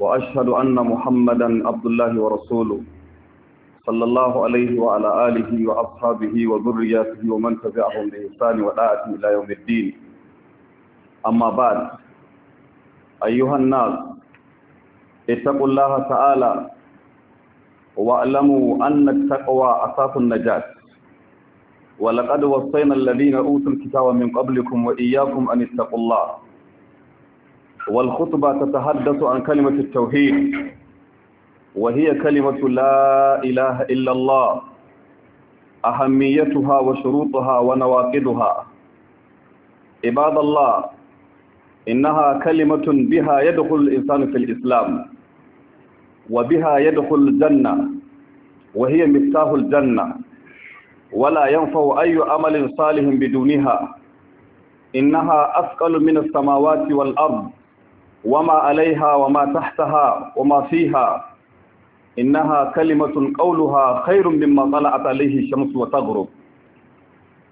وأشهد أن محمدا عبد الله ورسوله صلى الله عليه وعلى آله وأصحابه وذرياته ومن تبعهم بإحسان ودعاة إلى يوم الدين أما بعد أيها الناس اتقوا الله تعالى واعلموا أن التقوى أساس النجاة ولقد وصينا الذين أوتوا الكتاب من قبلكم وإياكم أن اتقوا الله والخطبة تتحدث عن كلمة التوحيد وهي كلمة لا إله إلا الله أهميتها وشروطها ونواقضها عباد الله إنها كلمة بها يدخل الإنسان في الإسلام وبها يدخل الجنة وهي مفتاح الجنة ولا ينفع أي عمل صالح بدونها إنها أثقل من السماوات والأرض wama alaiha wama tahtaha wama fiha innaha kalimatun qawluha khairun mimma qala'at alayhi ash-shamsu wa taghrub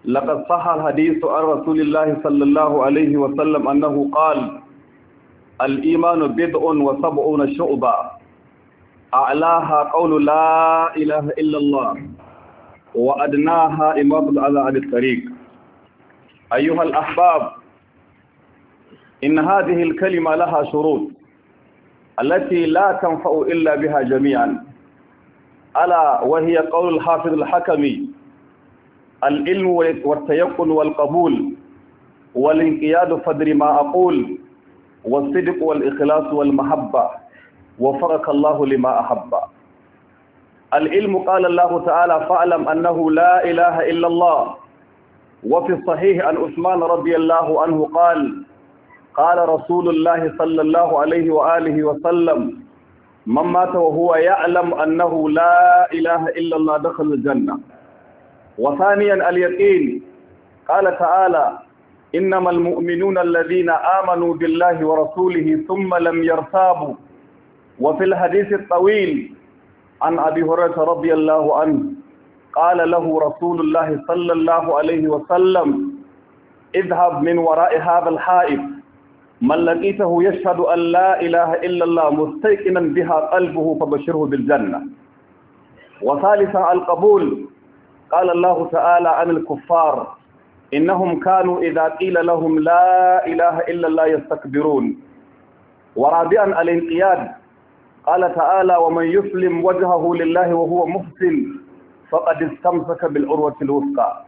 laqad saha al-hadithu an rasulillahi sallallahu alayhi wa sallam annahu qala al-imanu bid'un wa sab'una shu'ba a'laha qawlu la ilaha illa wa adnaha imatu al-'adab al-tariq ayyuha al-ahbab إن هذه الكلمة لها شروط التي لا تنفع إلا بها جميعا ألا وهي قول الحافظ الحكمي العلم والتيقن والقبول والانقياد فدر ما أقول والصدق والإخلاص والمحبة وفرك الله لما أحب العلم قال الله تعالى فاعلم أنه لا إله إلا الله وفي الصحيح أن أثمان رضي الله عنه قال قال رسول الله صلى الله عليه وآله وسلم من مات وهو يعلم أنه لا إله إلا الله دخل الجنة وثانيا اليقين قال تعالى إنما المؤمنون الذين آمنوا بالله ورسوله ثم لم يرتابوا وفي الحديث الطويل عن أبي هريرة رضي الله عنه قال له رسول الله صلى الله عليه وسلم اذهب من وراء هذا الحائط من لقيته يشهد أن لا إله إلا الله مستيقنا بها قلبه فبشره بالجنة وثالثا القبول قال الله تعالى عن الكفار إنهم كانوا إذا قيل لهم لا إله إلا الله يستكبرون ورابعا الانقياد قال تعالى ومن يسلم وجهه لله وهو محسن فقد استمسك بالعروة الوثقى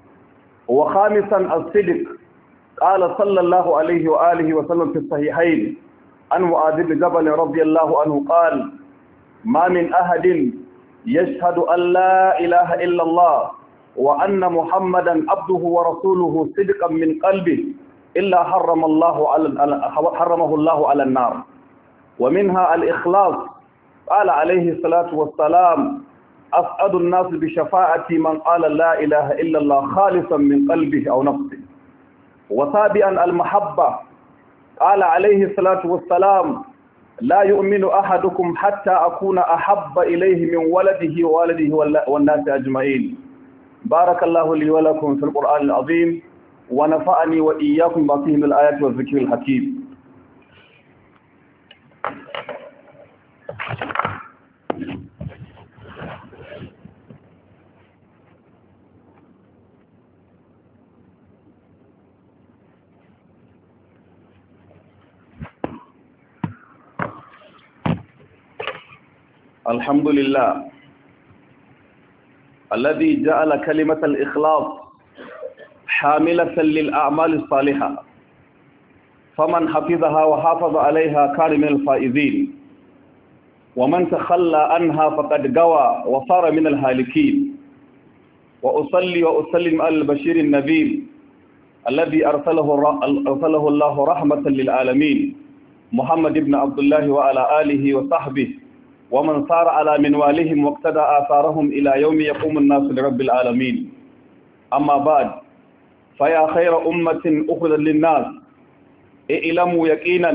وخامسا الصدق قال صلى الله عليه وآله وسلم في الصحيحين عن معاذ بن جبل رضي الله عنه قال ما من أحد يشهد أن لا إله إلا الله وأن محمدا عبده ورسوله صدقا من قلبه إلا حرم الله على حرمه الله على النار ومنها الإخلاص قال عليه الصلاة والسلام أسعد الناس بشفاعتي من قال لا إله إلا الله خالصا من قلبه أو نفسه وسابعا المحبة قال عليه الصلاة والسلام لا يؤمن أحدكم حتى أكون أحب إليه من ولده ووالده والناس أجمعين بارك الله لي ولكم في القرآن العظيم ونفعني وإياكم بما من الآيات والذكر الحكيم الحمد لله الذي جعل كلمة الإخلاص حاملة للأعمال الصالحة فمن حفظها وحافظ عليها كان من الفائزين ومن تخلى عنها فقد قوى وصار من الهالكين وأصلي وأسلم على البشير النبيل الذي أرسله, أرسله الله رحمة للعالمين محمد بن عبد الله وعلى آله وصحبه ومن صار على منوالهم واقتدى آثارهم إلى يوم يقوم الناس لرب العالمين أما بعد فيا خير أمة أخذ للناس اعلموا يقينا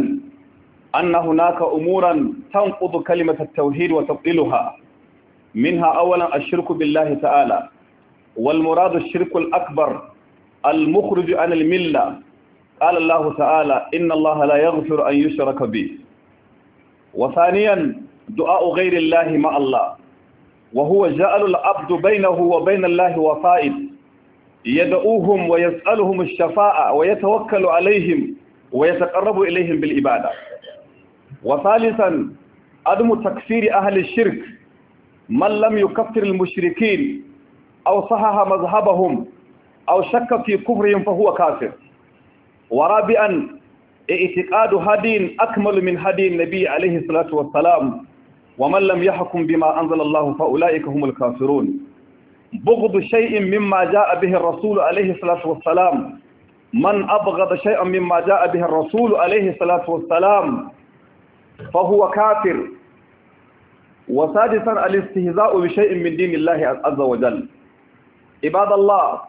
أن هناك أمورا تنقض كلمة التوحيد وتبطلها منها أولا الشرك بالله تعالى والمراد الشرك الأكبر المخرج عن الملة قال الله تعالى إن الله لا يغفر أن يشرك به وثانيا دعاء غير الله مع الله وهو جعل العبد بينه وبين الله وفائد يدعوهم ويسألهم الشفاعة ويتوكل عليهم ويتقرب إليهم بالإبادة وثالثا عدم تكفير أهل الشرك من لم يكفر المشركين أو صحح مذهبهم أو شك في كفرهم فهو كافر ورابعا اعتقاد هدي أكمل من هدي النبي عليه الصلاة والسلام ومن لم يحكم بما أنزل الله فأولئك هم الكافرون بغض شيء مما جاء به الرسول عليه الصلاة والسلام من أبغض شيئا مما جاء به الرسول عليه الصلاة والسلام فهو كافر وسادسا الاستهزاء بشيء من دين الله عز وجل عباد الله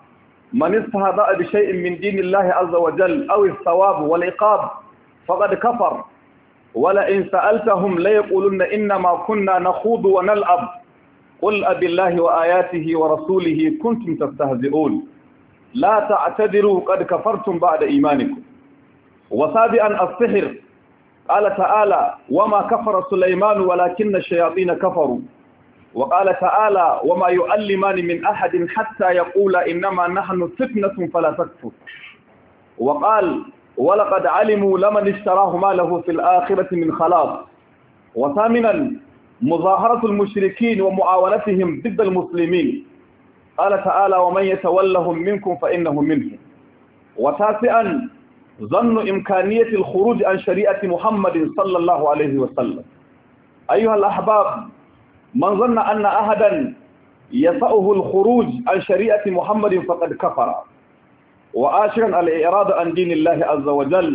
من استهزاء بشيء من دين الله عز وجل أو الثواب والعقاب فقد كفر ولئن سألتهم ليقولن إنما كنا نخوض ونلعب قل أب الله وآياته ورسوله كنتم تستهزئون لا تعتذروا قد كفرتم بعد إيمانكم وسابعا السحر قال تعالى وما كفر سليمان ولكن الشياطين كفروا وقال تعالى وما يؤلمان من أحد حتى يقول إنما نحن فتنة فلا تكفر وقال ولقد علموا لمن اشتراه ما له في الآخرة من خلاق وثامنا مظاهرة المشركين ومعاونتهم ضد المسلمين قال تعالى ومن يتولهم منكم فإنه منهم وتاسعا ظن إمكانية الخروج عن شريعة محمد صلى الله عليه وسلم أيها الأحباب من ظن أن أحدا يسأه الخروج عن شريعة محمد فقد كفر وآشرا الإعراض عن دين الله عز وجل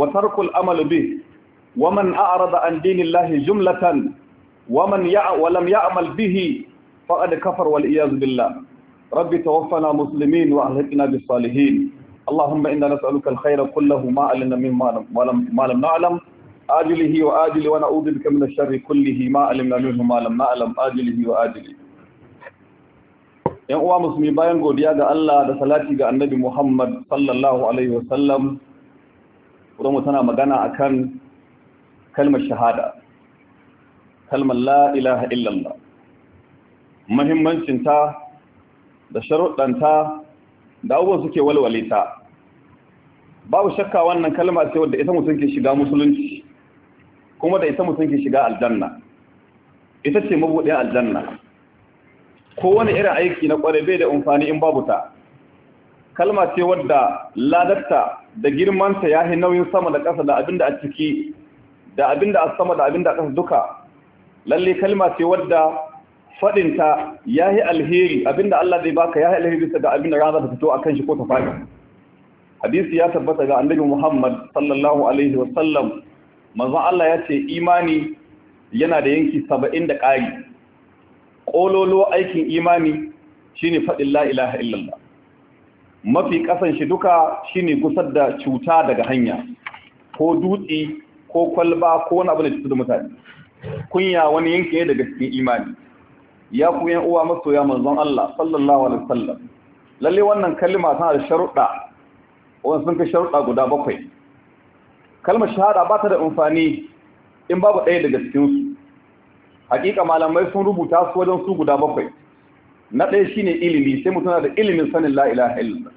وترك الأمل به ومن أعرض عن دين الله جملة ومن يع ولم يعمل به فقد كفر والعياذ بالله رب توفنا مسلمين وأهلكنا بالصالحين اللهم إنا نسألك الخير كله ما علمنا مما ما لم نعلم آجله وآجله ونعوذ بك من الشر كله ما علمنا منه ما لم نعلم آجله وآجله yan uwa musulmi bayan godiya ga Allah da salati ga annabi Muhammad sallallahu alaihi wasallam mu tana magana akan kalmar shahada kalmar la ilaha illallah muhimmancin ta da sharuɗanta da abubuwan suke walwale ta babu shakka wannan kalma ce wadda ita mutum ke shiga musulunci kuma da ita mutum ke shiga aljanna ita ce mabuɗin aljanna kowane irin aiki na kwarai bai da amfani in babu ta kalma ce wadda ladarta da girmanta ya nauyin sama da ƙasa da abinda a ciki da abinda a sama da abinda a ƙasa duka lalle kalma ce wadda faɗinta ya yi alheri abinda Allah zai baka ya yi alheri bisa ga abinda rana ta fito a kan shi ko ta faɗi hadisi ya tabbata ga annabi Muhammad sallallahu alaihi wasallam manzon Allah ya ce imani yana da yanki saba'in da ƙari ƙololo aikin imani shine faɗin la'ilaha ilaha illallah mafi ƙasan shi duka shine gusar da cuta daga hanya ko dutse ko kwalba ko wani abu da cuta da mutane kunya wani yanki ne daga cikin imani ya ku yan uwa masoya manzon Allah sallallahu alaihi wasallam lalle wannan kalma tana da sharuɗa wannan sun ka sharuɗa guda bakwai kalmar shahada ba ta da amfani in babu ɗaya daga cikin su hakika malamai sun rubuta su wajen su guda bakwai na ɗaya shi ne ilimi sai mutum da ilimin sanin la'ilaha illallah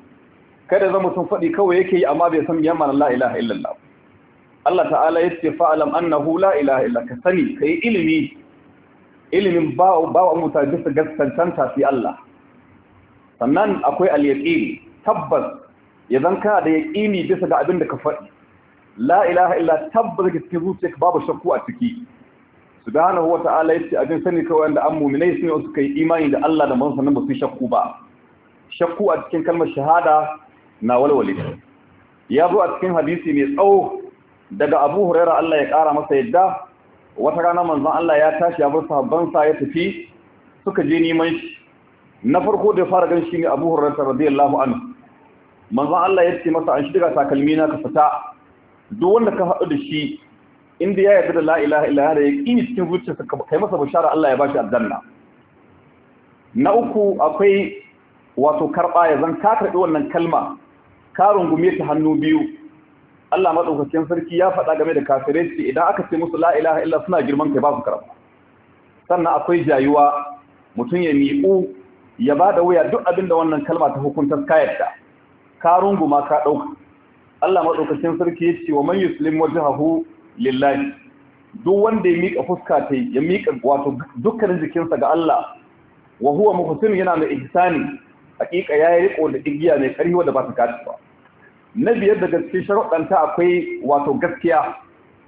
kada zama sun faɗi kawai yake yi amma bai san yamma la'ilaha illallah Allah ta'ala ya ce fa'alam annahu la ilaha illa ka sani ka yi ilimi ilimin ba wa muta bisa gaskantanta fi Allah sannan akwai al tabbas ya yadan ka da yaqini bisa ga abin da ka faɗi La'ilaha ilaha illa tabbas ga cikin zuciyarka babu shakku a ciki subhanahu wata'ala yace abin sani kawai da an mu'minai sun suka kai imani da Allah da manzon nan ba su shakku ba shakku a cikin kalmar shahada na walwale ya zo a cikin hadisi mai tsawo daga Abu Hurairah Allah ya kara masa yadda wata rana manzon Allah ya tashi ya bar sahabban sa ya tafi suka je neman shi na farko da fara gan shi ne Abu Hurairah radiyallahu anhu manzon Allah ya ce masa an shiga takalmina na ka fita duk wanda ka haɗu da shi inda ya yarda da la ilaha illallah da yaqini cikin zuciyarsa kai masa bishara Allah ya bashi aljanna na uku akwai wato karba ya zan ka karbi wannan kalma ka rungume ta hannu biyu Allah madaukakin sarki ya faɗa game da kafirai idan aka ce musu la ilaha suna girman kai ba su karba sannan akwai jayuwa mutum ya miƙu ya ba da wuya duk abinda wannan kalma ta hukuntar ka yadda ka runguma ka ɗauka Allah madaukakin sarki ya ce wa man wajen wajhahu lillahi duk wanda ya miƙa fuska ta ya miƙa wato dukkanin jikinsa ga Allah wa huwa muhsin yana da ihsani hakika ya yi riko da igiya mai ƙarfi wanda ba ta kaci ba na biyar daga cikin sharuɗanta akwai wato gaskiya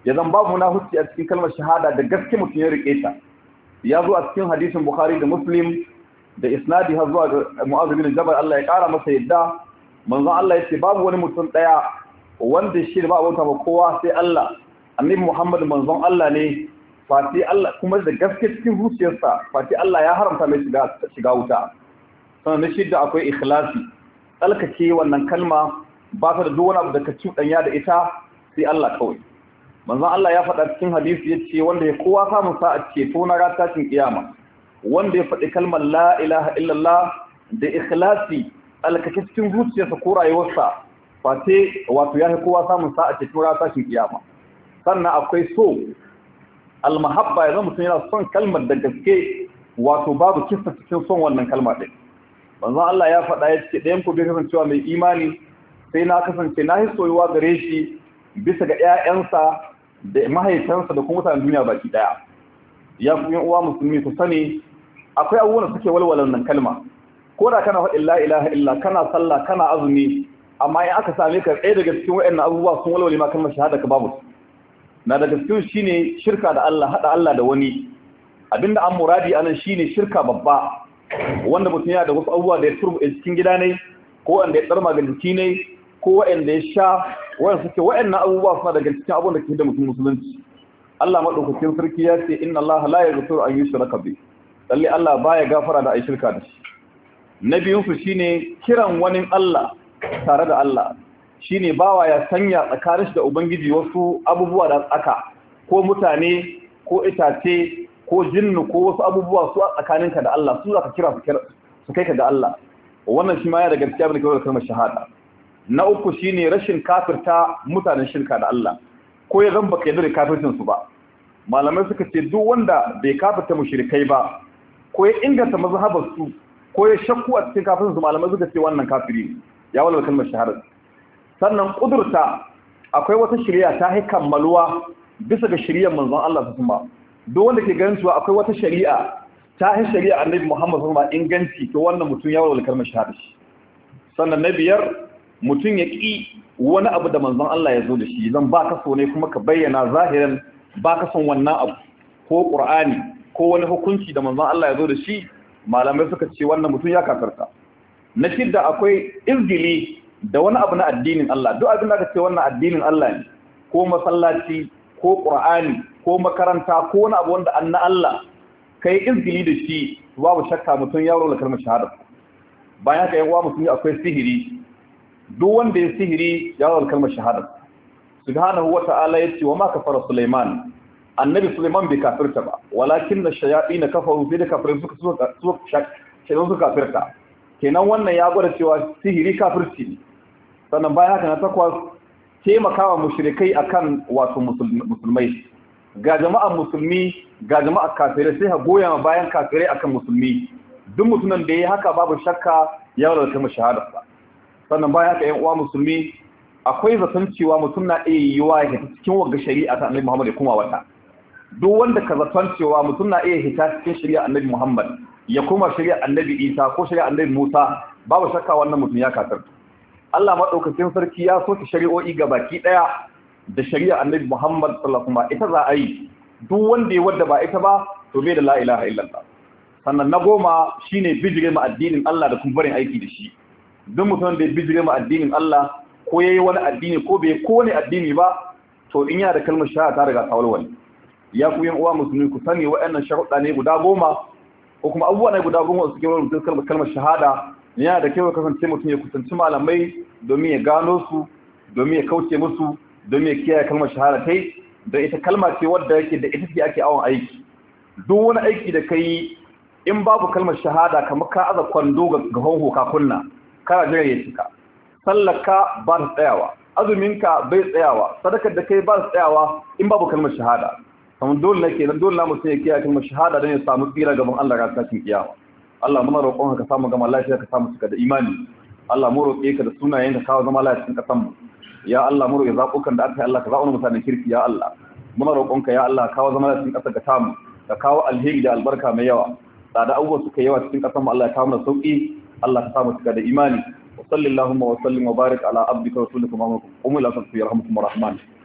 ya zan babu na munafuci a cikin kalmar shahada da gaske mutum ya riƙe ta ya zo a cikin hadisin bukhari da muslim da isnadi har zuwa mu'azu bin jabal Allah ya ƙara masa yadda manzon Allah ya ce babu wani mutum ɗaya wanda shi ba bauta ba kowa sai Allah annabi muhammadu manzon Allah ne fati Allah kuma da gaske cikin zuciyarsa fati Allah ya haramta mai shiga shiga wuta sannan na shidda akwai ikhlasi tsalkace wannan kalma ba ta da duk wani abu da ka cuɗanya da ita sai Allah kawai manzon Allah ya faɗa cikin hadisi ya ce wanda ya kowa samun sa'a ce to na rata cikin kiyama wanda ya faɗi kalmar la ilaha illallah da ikhlasi alkace cikin zuciyarsa ko rayuwarsa fate wato ya kowa samun sa'a ce to na rata cikin kiyama sannan akwai so almahabba yanzu mutum yana son kalmar da gaske wato babu kisa cikin son wannan kalma ɗin banzan Allah ya faɗa ya ce ɗayan ku bai kasancewa mai imani sai na kasance na yi soyuwa gare shi bisa ga 'ya'yansa da mahaifansa da kuma mutane duniya baki ɗaya ya fi uwa musulmi ku sani akwai abubuwan da suke walwalan nan kalma ko da kana faɗin la ilaha illa kana sallah kana azumi amma in aka same ka ɗaya daga cikin wa'annan abubuwa sun walwale ma kalmar shahada ka babu na daga cikin ne shirka da Allah haɗa Allah da wani abinda an muradi anan ne shirka babba wanda mutum yana da wasu abubuwa da ya turbu cikin gida ne ko wanda ya tsarma ga jiki ne ko wanda ya sha wanda suke wa'annan abubuwa suna daga cikin abubuwan da ke da mutum musulunci Allah maɗaukakin sarki ya ce inna Allah la yaghfiru an yushraka bi lalle Allah baya gafara da ai shirka da shi na biyun su shine kiran wani Allah tare da Allah shine bawa ya sanya tsakanin shi da ubangiji wasu abubuwa da tsaka ko mutane ko itace ko jinnu ko wasu abubuwa su a tsakaninka da Allah su zaka kira su kai ka ga Allah wannan shi ma ya daga cikin abin da kawai shahada na uku shine rashin kafirta mutanen shirka da Allah ko ya zan baka yarda da kafircin su ba malamai suka ce duk wanda bai kafirta mushrikai ba ko ya inganta mazhabar su ko ya shakku a cikin kafircin su malamai suka ce wannan kafiri ya wala kalmar shahada sannan ƙudurta akwai wata shirya ta yi kammaluwa bisa ga shiryar manzon Allah su kuma duk wanda ke ganin cewa akwai wata shari'a ta yi shari'a annabi Muhammad sallallahu alaihi inganci to wannan mutum ya walwala kalmar shahada shi sannan na biyar mutum ya ƙi wani abu da manzon Allah ya zo da shi zan ba ka so ne kuma ka bayyana zahirin ba ka son wannan abu ko ƙur'ani ko wani hukunci da manzon Allah ya zo da shi malamai suka ce wannan mutum ya kakarta. na shidda akwai izgili da wani abu na addinin Allah duk abin da aka ce wannan addinin Allah ne ko masallaci ko qur'ani ko makaranta ko wani abu wanda anna Allah kai izgili da shi babu shakka mutum ya rola kalmar shahada bayan haka yawa mutum akwai sihiri duk wanda ya sihiri ya rola kalmar shahada subhanahu wa ta'ala yace wa ma kafara sulaiman annabi sulaiman bai kafirta ba walakin ash-shayatin kafaru bi da kafirin suka suka suka kafirta kenan wannan ya gwada cewa sihiri kafirci ne sannan bayan haka na takwas taimakawa mushrikai akan wato musulmai ga jama'a musulmi ga jama'a kafirai sai ha goya bayan kafirai akan musulmi duk mutumin da ya haka babu shakka ya rarrata mu shahadarsa sannan bayan haka 'yan uwa musulmi akwai zaton cewa mutum na iya yiwa ya hita cikin wagga shari'a ta annabi Muhammad ya kuma wata duk wanda ka zaton cewa mutum na iya hita cikin shari'a annabi Muhammad ya kuma shari'a annabi Isa ko shari'a annabi Musa babu shakka wannan mutum ya kafirta Allah maɗaukacin sarki ya soke shari'o'i ga baki ɗaya da shari'a annabi Muhammad sallallahu alaihi ita za a yi duk wanda ya wadda ba ita ba to bai da la ilaha illallah sannan na goma shine bijire ma addinin Allah da kuma barin aiki da shi duk mutum da ya bijire ma addinin Allah ko yayi wani addini ko bai ko wani addini ba to in yana da kalmar shahada ta riga tawalwal ya ku yin uwa musulmi ku sani wa'annan sharuɗa ne guda goma ko kuma abubuwa ne guda goma suke wurin kalmar shahada yana da kyau kasance mutum ya kusanci malamai domin ya gano su domin ya kauce musu domin ya kiyaye kalmar shahara tai Da ita kalma ce wadda yake da ita ce ake awon aiki duk wani aiki da ka yi in babu kalmar shahada kamar ka aza kwando ga honho ka kunna kana jiran ya cika sallaka ba ta tsayawa azuminka bai tsayawa sadakar da kai ba ta tsayawa in babu kalmar shahada kamar dole ne kenan dole na mutum ya kiyaye kalmar shahada don ya samu tsira gaban Allah ga sakin kiyama Allah muna roƙon ka samu gama lafiya ka samu cika da imani Allah mu roƙe ka da sunayen ka kawo zama lafiya cikin kasan ya Allah mu roƙe zaɓukan da aka yi Allah ka zaɓa mutane kirki ya Allah muna roƙon ka ya Allah kawo zama lafiya cikin ƙasar ka tamu ka kawo alheri da albarka mai yawa tsada abubuwa suka yawa cikin ƙasar mu Allah ya kawo mana sauƙi Allah ka samu cika da imani wa sallallahu wa sallim wa barik ala abdika wa rasulika Muhammad qum ila salati yarhamukum rahman